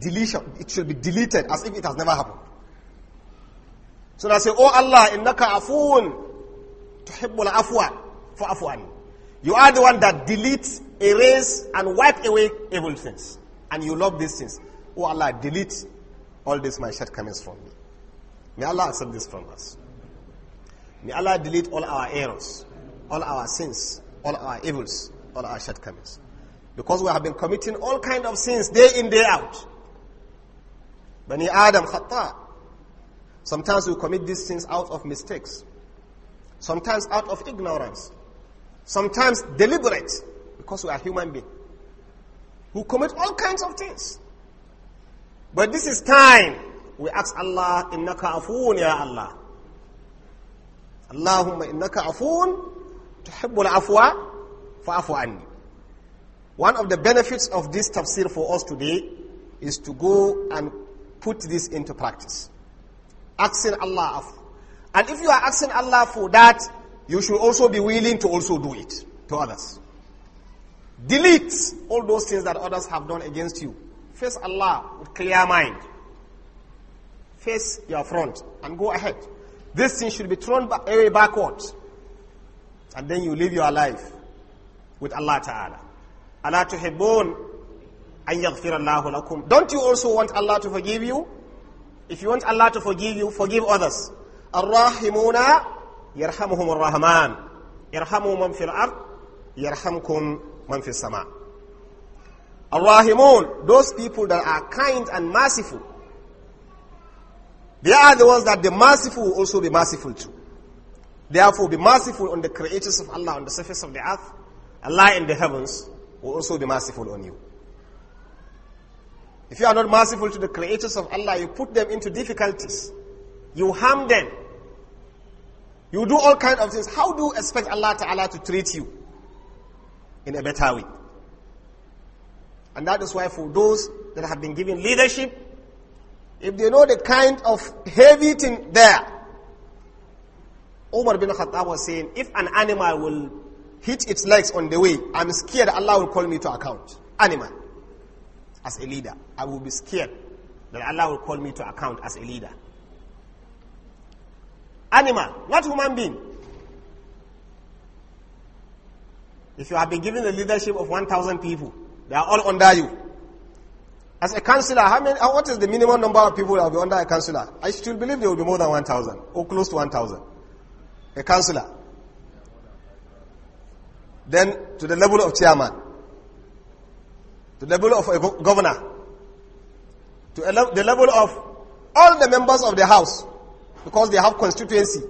[SPEAKER 1] Deletion, it should be deleted as if it has never happened. So they say, Oh Allah, innaka afoon, tuhibbul afwa, fa'afuan. You are the one that deletes erase and wipe away evil things. And you love these things. Oh Allah, delete all these my shortcomings from me. May Allah accept this from us. May Allah delete all our errors, all our sins, all our evils, all our shortcomings. Because we have been committing all kind of sins day in, day out. Bani Adam khatta, Sometimes we commit these sins out of mistakes. Sometimes out of ignorance. Sometimes deliberate because we are human beings who commit all kinds of things. But this is time. We ask Allah, innaka afoon, ya Allah. Allahumma innaka afoon, tuhibbul afwa, fa'afu anni. One of the benefits of this tafsir for us today is to go and put this into practice. Asking Allah for. And if you are asking Allah for that, you should also be willing to also do it to others. Delete all those things that others have done against you. Face Allah with clear mind. Face your front and go ahead. This thing should be thrown away backwards. And then you live your life with Allah Ta'ala. Allah tuhibbun an yaghfirallahu lakum. Don't you also want Allah to forgive you? If you want Allah to forgive you, forgive others. Ar-Rahimuna yarhamuhum ar-Rahman. Irhamu man fil ard yarhamkum man sama. ar those people that are kind and merciful. They are the ones that the merciful will also be merciful to. Therefore, be merciful on the creators of Allah on the surface of the earth. Allah in the heavens will also be merciful on you. If you are not merciful to the creators of Allah, you put them into difficulties. You harm them. You do all kinds of things. How do you expect Allah Ta'ala to treat you? in a better way. And that is why for those that have been given leadership, if they know the kind of heavy thing there, Umar bin Khattab was saying, if an animal will hit its legs on the way, I'm scared Allah will call me to account. Animal. As a leader. I will be scared that Allah will call me to account as a leader. Animal, not human being. If you have been given the leadership of 1,000 people, they are all under you. As a councillor, how many, what is the minimum number of people that will be under a councillor? I still believe there will be more than 1,000 or close to 1,000. A councillor. Then to the level of chairman, to the level of a governor, to the level of all the members of the house because they have constituency.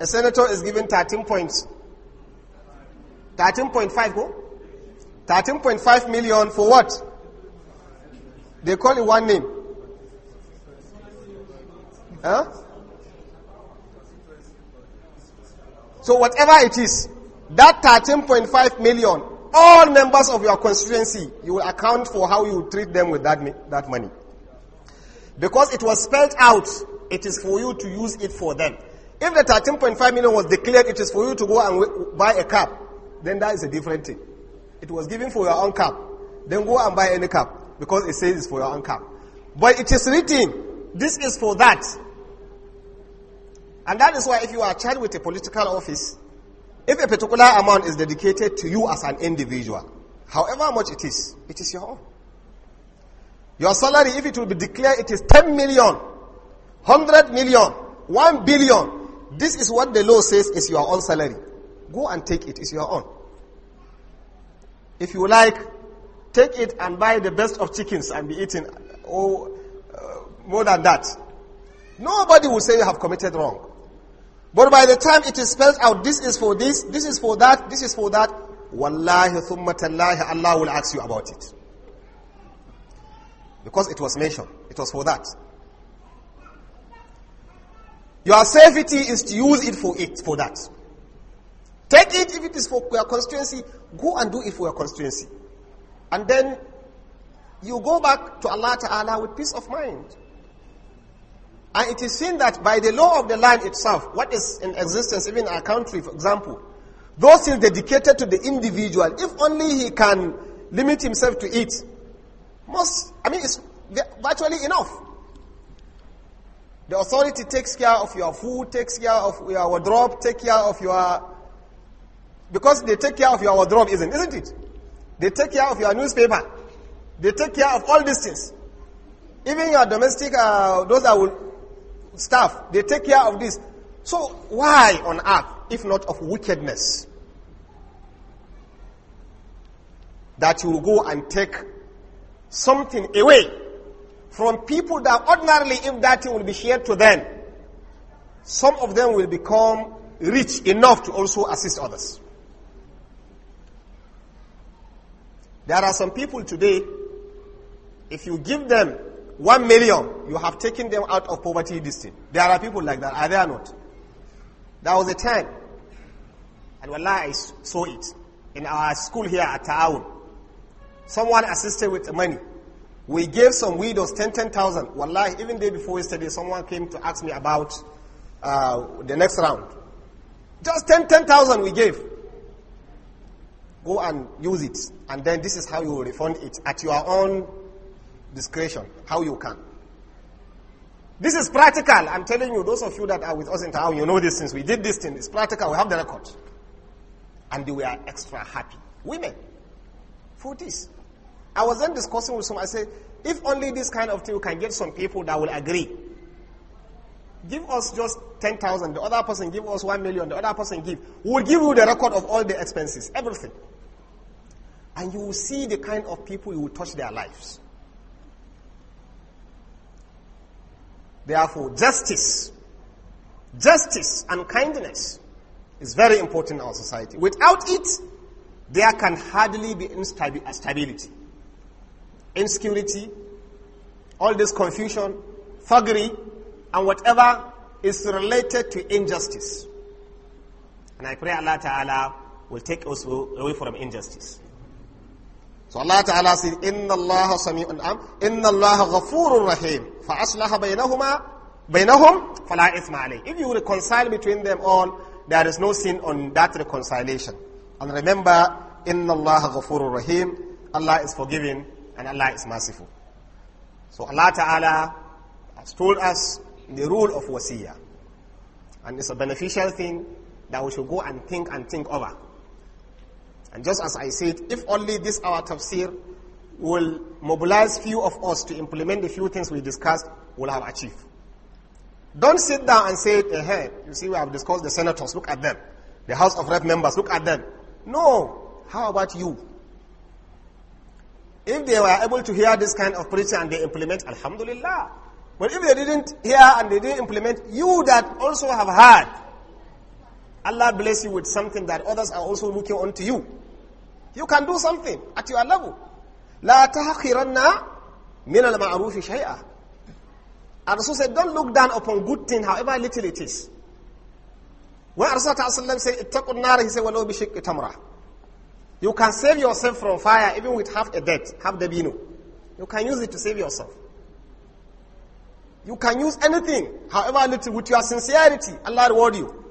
[SPEAKER 1] A senator is given 13 points. 13.5 go? 13.5 million for what? They call it one name. Huh? So whatever it is, that 13.5 million, all members of your constituency, you will account for how you treat them with that, that money. Because it was spelled out, it is for you to use it for them. If the 13.5 million was declared it is for you to go and buy a cup, then that is a different thing. It was given for your own cup. Then go and buy any cup because it says it's for your own cup. But it is written, this is for that. And that is why if you are charged with a political office, if a particular amount is dedicated to you as an individual, however much it is, it is your own. Your salary, if it will be declared, it is 10 million, 100 million, 1 billion, this is what the law says is your own salary. Go and take it. It's your own. If you like, take it and buy the best of chickens and be eaten. Or oh, uh, more than that. Nobody will say you have committed wrong. But by the time it is spelled out, this is for this, this is for that, this is for that, wallahi thumma tallahi, Allah will ask you about it. Because it was mentioned. It was for that. Your safety is to use it for it, for that. Take it if it is for your constituency, go and do it for your constituency. And then you go back to Allah Ta'ala with peace of mind. And it is seen that by the law of the land itself, what is in existence, even in our country, for example, those things dedicated to the individual, if only he can limit himself to it, most, I mean, it's virtually enough. The authority takes care of your food, takes care of your wardrobe, take care of your... Because they take care of your wardrobe, isn't, isn't it? They take care of your newspaper. They take care of all these things. Even your domestic, uh, those that will staff, they take care of this. So why on earth, if not of wickedness, that you will go and take something away from people that ordinarily, if that thing will be shared to them, some of them will become rich enough to also assist others. There are some people today, if you give them one million, you have taken them out of poverty Distinct, There are people like that, are there not? There was a time, and wallah, I saw it in our school here at Ta'awun. Someone assisted with money. We gave some widows 10, 10,000. Wallahi, even day before yesterday, someone came to ask me about uh, the next round. Just 10, 10,000 we gave. Go and use it. And then this is how you refund it at your own discretion, how you can. This is practical. I'm telling you, those of you that are with us in town, you know these things. We did this thing. It's practical. We have the record. And they were extra happy. Women. For this. I was then discussing with some, I said, if only this kind of thing we can get some people that will agree. Give us just 10,000, the other person give us 1 million, the other person give. We'll give you the record of all the expenses, everything. And you will see the kind of people you will touch their lives. Therefore, justice, justice and kindness is very important in our society. Without it, there can hardly be instability insecurity, all this confusion, thuggery, and whatever is related to injustice. And I pray Allah Ta'ala will take us away from injustice. So Allah Ta'ala says, Inna Allah sami'un am, Inna Allah ghafurun rahim, fa'aslaha baynahuma, baynahum, fala ithma alayh. If you reconcile between them all, there is no sin on that reconciliation. And remember, Inna Allah ghafurun rahim, Allah is forgiving and Allah is merciful. So Allah Ta'ala has told us the rule of wasiyah. And it's a beneficial thing that we should go and think and think over. And just as I said, if only this our tafsir will mobilize few of us to implement the few things we discussed, we'll have achieved. Don't sit down and say, eh, hey, you see, we have discussed the senators, look at them. The House of Rep members, look at them. No. How about you? If they were able to hear this kind of preaching and they implement, Alhamdulillah. But if they didn't hear and they didn't implement, you that also have heard, Allah bless you with something that others are also looking onto you. You can do something at your level. لا تحقرن من المعروف شيئا and Rasul said, don't look down upon good thing, however little it is. When Rasulullah said, ittaqun nara, he said, walau bishik tamra. You can save yourself from fire even with half a debt, half the bino. You can use it to save yourself. You can use anything, however little, with your sincerity. Allah reward you.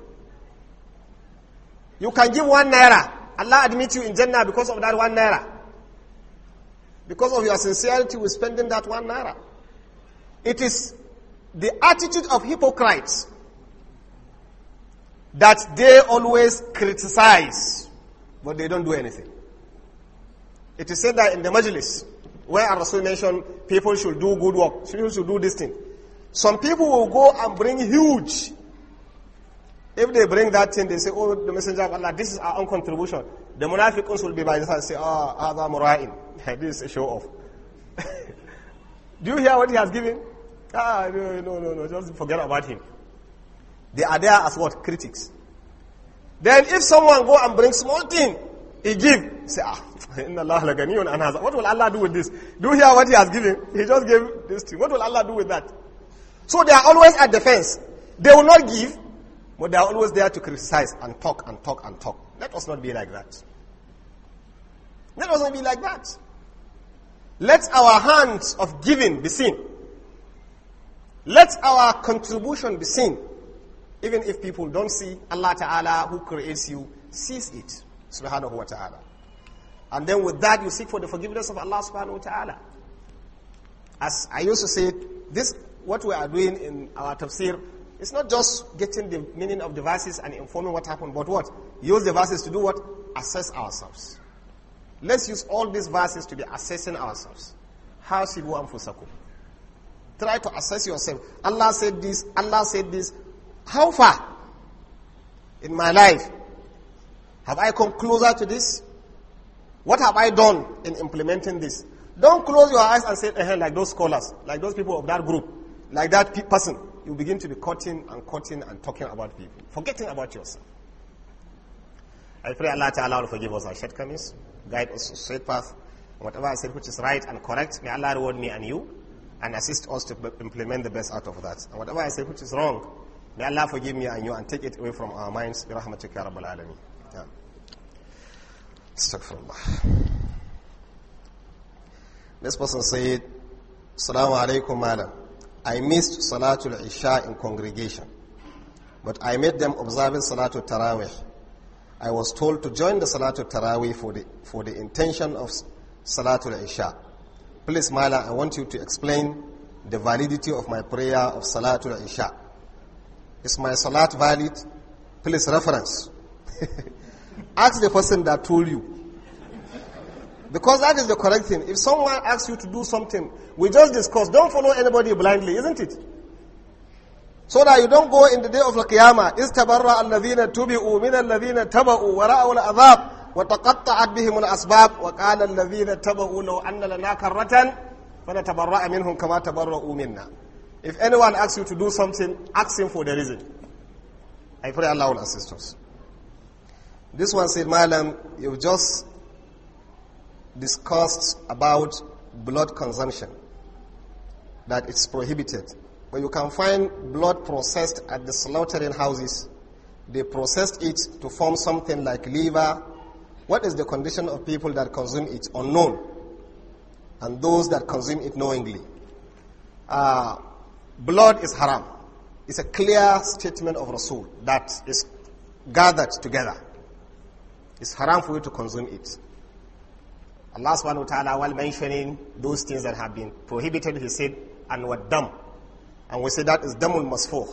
[SPEAKER 1] You can give one naira. Allah admit you in Jannah because of that one naira. Because of your sincerity with spending that one naira. It is the attitude of hypocrites that they always criticize but they don't do anything. It is said that in the majlis, where Rasul mentioned people should do good work, people should do this thing. Some people will go and bring huge. If they bring that thing, they say, oh, the messenger of Allah, this is our own contribution. The munafiquns will be by this and say, ah, oh, Mura'in. this is a show off. do you hear what he has given? Ah, no, no, no, no, just forget about him. They are there as what? Critics. Then if someone go and bring small thing, he give. Say, ah, inna Allah laganiyun anhaza. What will Allah do with this? Do hear what he has given? He just gave this thing. What will Allah do with that? So they are always at defense. They will not give, but they are always there to criticize and talk and talk and talk. Let us not be like that. Let us not be like that. Let our hands of giving be seen. Let our contribution be seen. Even if people don't see, Allah Ta'ala who creates you sees it. Subhanahu wa ta'ala. And then with that you seek for the forgiveness of Allah subhanahu wa ta'ala. As I used to say, this what we are doing in our tafsir it's not just getting the meaning of the verses and informing what happened, but what? Use the verses to do what? Assess ourselves. Let's use all these verses to be assessing ourselves. How should we Try to assess yourself. Allah said this, Allah said this, how far in my life have I come closer to this? What have I done in implementing this? Don't close your eyes and say, eh, like those scholars, like those people of that group, like that pe person. You begin to be cutting and cutting and talking about people, forgetting about yourself. I pray Allah to will forgive us our shortcomings, guide us to straight path, whatever I said which is right and correct, may Allah reward me and you, and assist us to implement the best out of that. And whatever I said which is wrong, May Allah forgive me and you and take it away from our minds. Bi rahmatika from alamin. Astaghfirullah. This person said, Salaam alaikum madam. I missed Salatul Isha in congregation, but I made them observing Salatul Taraweeh. I was told to join the Salatul Taraweeh for the, for the intention of Salatul Isha. Please, Mala, I want you to explain the validity of my prayer of Salatul Isha. Is my salat valid? Please reference. Ask the person that told you. Because that is the correct thing. If someone asks you to do something, we just discuss. Don't follow anybody blindly, isn't it? So that you don't go in the day of Is Al-Qiyamah. إِسْتَبَرَّ الَّذِينَ تُبِعُوا مِنَ الَّذِينَ تَبَعُوا وَرَأَوْا الْأَذَابِ وَتَقَطَّعَتْ بِهِمُ الْأَسْبَابِ وَقَالَ الَّذِينَ تَبَعُوا لَوْ أَنَّ لَنَا كَرَّةً فَنَتَبَرَّأَ minhum kama تَبَرَّؤُوا minna. If anyone asks you to do something, ask him for the reason. I pray Allah will This one said, lamb, you've just discussed about blood consumption, that it's prohibited. But you can find blood processed at the slaughtering houses. They processed it to form something like liver. What is the condition of people that consume it? Unknown. And those that consume it knowingly. Uh, blood is haram. It's a clear statement of Rasul that is gathered together. It's haram for you to consume it. Allah subhanahu wa ta'ala, while mentioning those things that have been prohibited, He said, and what dumb." And we say that is damul masfuh.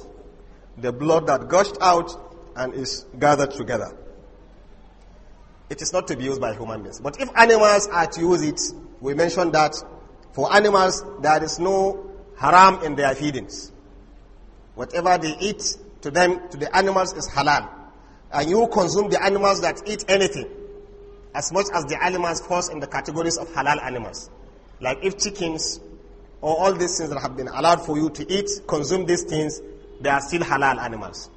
[SPEAKER 1] The blood that gushed out and is gathered together. It is not to be used by human beings. But if animals are to use it, we mention that for animals, there is no haram in their feedings. Whatever they eat to them, to the animals is halal. And you consume the animals that eat anything, as much as the animals falls in the categories of halal animals. Like if chickens or all these things that have been allowed for you to eat, consume these things, they are still halal animals.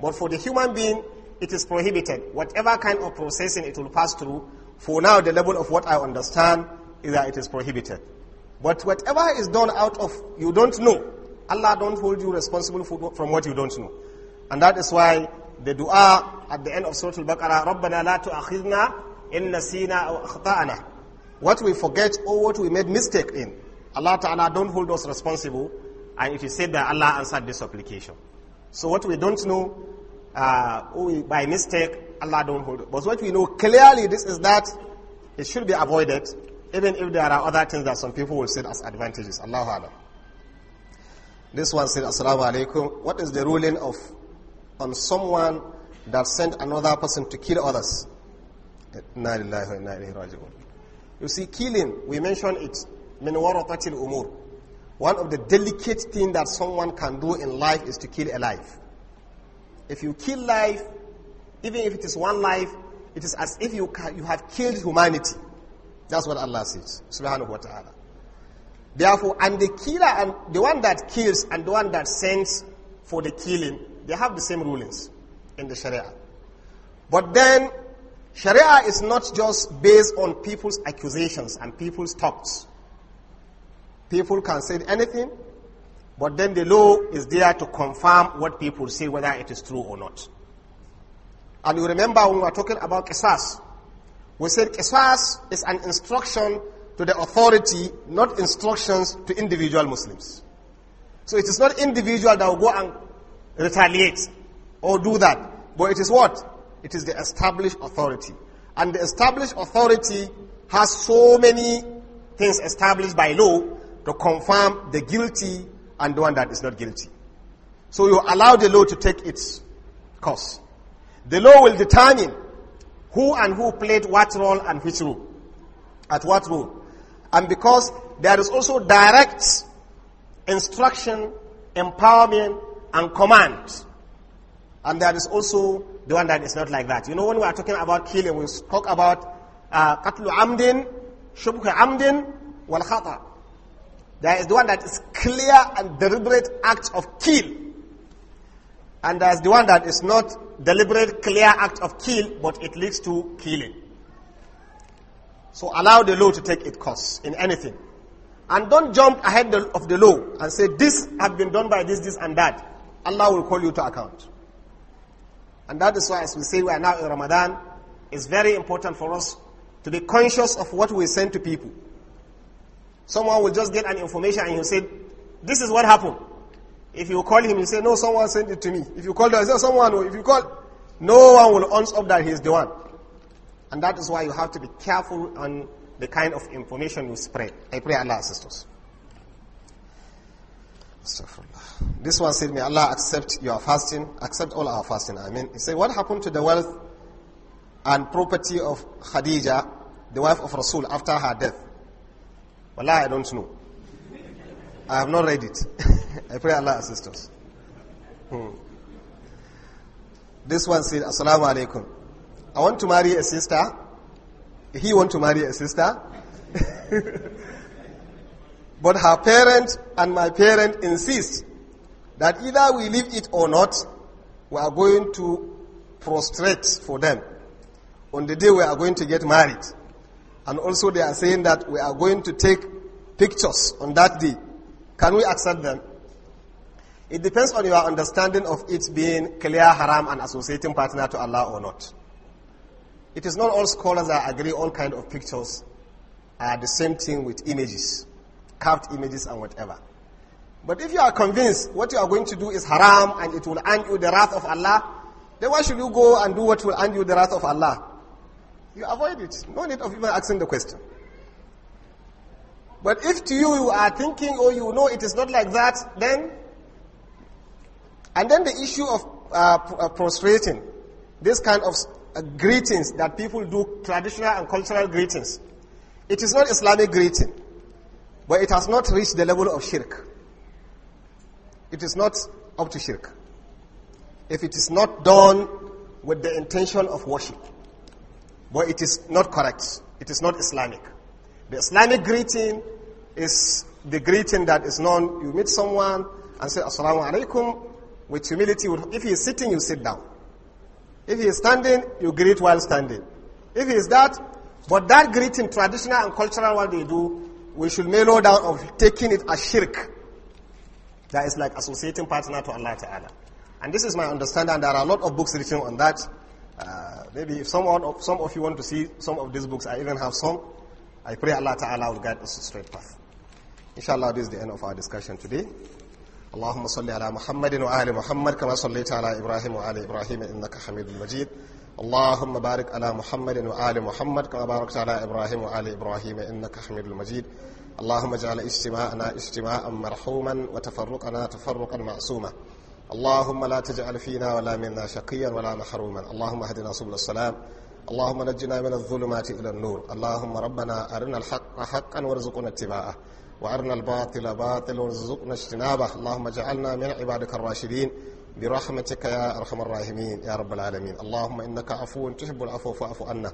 [SPEAKER 1] But for the human being, it is prohibited. Whatever kind of processing it will pass through, for now the level of what I understand is that it is prohibited. But whatever is done out of you don't know, Allah don't hold you responsible for, from what you don't know. And that is why the dua at the end of Surah Al-Baqarah, رَبَّنَا لَا تُأَخِذْنَا إِن نَسِينَا أَخْطَأَنَا What we forget or what we made mistake in, Allah Ta'ala don't hold us responsible. And if you said that, Allah answered this supplication. So what we don't know, uh, we, by mistake, Allah don't hold it. But what we know clearly, this is that it should be avoided even if there are other things that some people will see as advantages. Allahu Alam. This one said, Assalamu alaikum. What is the ruling of on someone that sent another person to kill others? You see, killing, we mentioned it, umur. One of the delicate things that someone can do in life is to kill a life. If you kill life, even if it is one life, it is as if you, you have killed humanity. That's what Allah says, subhanahu wa ta'ala. Therefore, and the killer and the one that kills and the one that sends for the killing, they have the same rulings in the Sharia. But then, Sharia is not just based on people's accusations and people's thoughts. People can say anything, but then the law is there to confirm what people say, whether it is true or not. And you remember when we were talking about Qisas, we said qisas is an instruction to the authority, not instructions to individual Muslims. So it is not individual that will go and retaliate or do that. But it is what? It is the established authority. And the established authority has so many things established by law to confirm the guilty and the one that is not guilty. So you allow the law to take its course. The law will determine who and who played what role and which role? At what role? And because there is also direct instruction, empowerment, and command. And there is also the one that is not like that. You know, when we are talking about killing, we talk about uh, qatlu amdin, shubhu amdin, wal khata. There is the one that is clear and deliberate act of kill. And there is the one that is not deliberate, clear act of kill, but it leads to killing. So allow the law to take its course in anything. And don't jump ahead of the law and say, this has been done by this, this and that. Allah will call you to account. And that is why, as we say, we are now in Ramadan. It's very important for us to be conscious of what we send to people. Someone will just get an information and he'll say, this is what happened. If you call him, he say, no, someone sent it to me. If you call them, say, someone, if you call, no one will answer up that he's the one. And that is why you have to be careful on the kind of information you spread. I pray Allah assist us. This one said, May Allah accept your fasting, accept all our fasting. I mean, he said, What happened to the wealth and property of Khadija, the wife of Rasul, after her death? Wallah, I don't know. I have not read it. I pray Allah assist us. Hmm. This one said, Assalamu alaikum. I want to marry a sister. He want to marry a sister. but her parent and my parent insist that either we leave it or not, we are going to prostrate for them on the day we are going to get married. And also they are saying that we are going to take pictures on that day can we accept them? It depends on your understanding of it being clear haram and associating partner to Allah or not. It is not all scholars that agree all kind of pictures are the same thing with images, carved images and whatever. But if you are convinced what you are going to do is haram and it will earn you the wrath of Allah, then why should you go and do what will earn you the wrath of Allah? You avoid it. No need of even asking the question. But if to you you are thinking or oh, you know it is not like that, then, and then the issue of uh, uh prostrating, this kind of uh, greetings that people do, traditional and cultural greetings, it is not Islamic greeting, but it has not reached the level of shirk. It is not up to shirk. If it is not done with the intention of worship, but it is not correct, it is not Islamic. The Islamic greeting is the greeting that is known. You meet someone and say, Assalamu alaikum, with humility. If he is sitting, you sit down. If he is standing, you greet while standing. If he is that, but that greeting, traditional and cultural what they do, we should mellow down of taking it as shirk. That is like associating partner to Allah Ta'ala. And this is my understanding, there are a lot of books written on that. Uh, maybe if someone of, some of you want to see some of these books, I even have some. I pray Allah Ta'ala will guide us to straight path. insha allah adis di in of our discussion today. allahumma solle ala muhammadin wa ali muhammad kama solle ta ala ibrahim wa ali ibrahim e in naka khamil allahumma barik ala muhammadin wa ali muhammad kama barok ta ala ibrahim wa ali ibrahim e in naka khamil allahumma jaala ishima ana ishima amma rauman wata faruqa na ta faruqan masu ma. la tija alfina wala min na allahumma hadina su salam. allahumma na ji na minan zuulu mati nur allahumma rabba arina arin alhaq alhaq kan wani وارنا الباطل باطل وارزقنا اجتنابه اللهم اجعلنا من عبادك الراشدين برحمتك يا ارحم الراحمين يا رب العالمين اللهم انك عفو تحب العفو فاعف عنا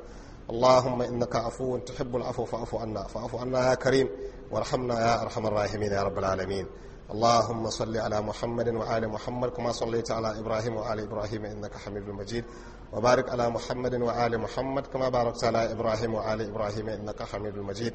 [SPEAKER 1] اللهم انك عفو تحب العفو فاعف عنا فاعف عنا يا كريم وارحمنا يا ارحم الراحمين يا رب العالمين اللهم صل على محمد وآل محمد كما صليت على إبراهيم وآل إبراهيم إنك حميد مجيد وبارك على محمد وآل محمد كما باركت على إبراهيم وآل إبراهيم إنك حميد مجيد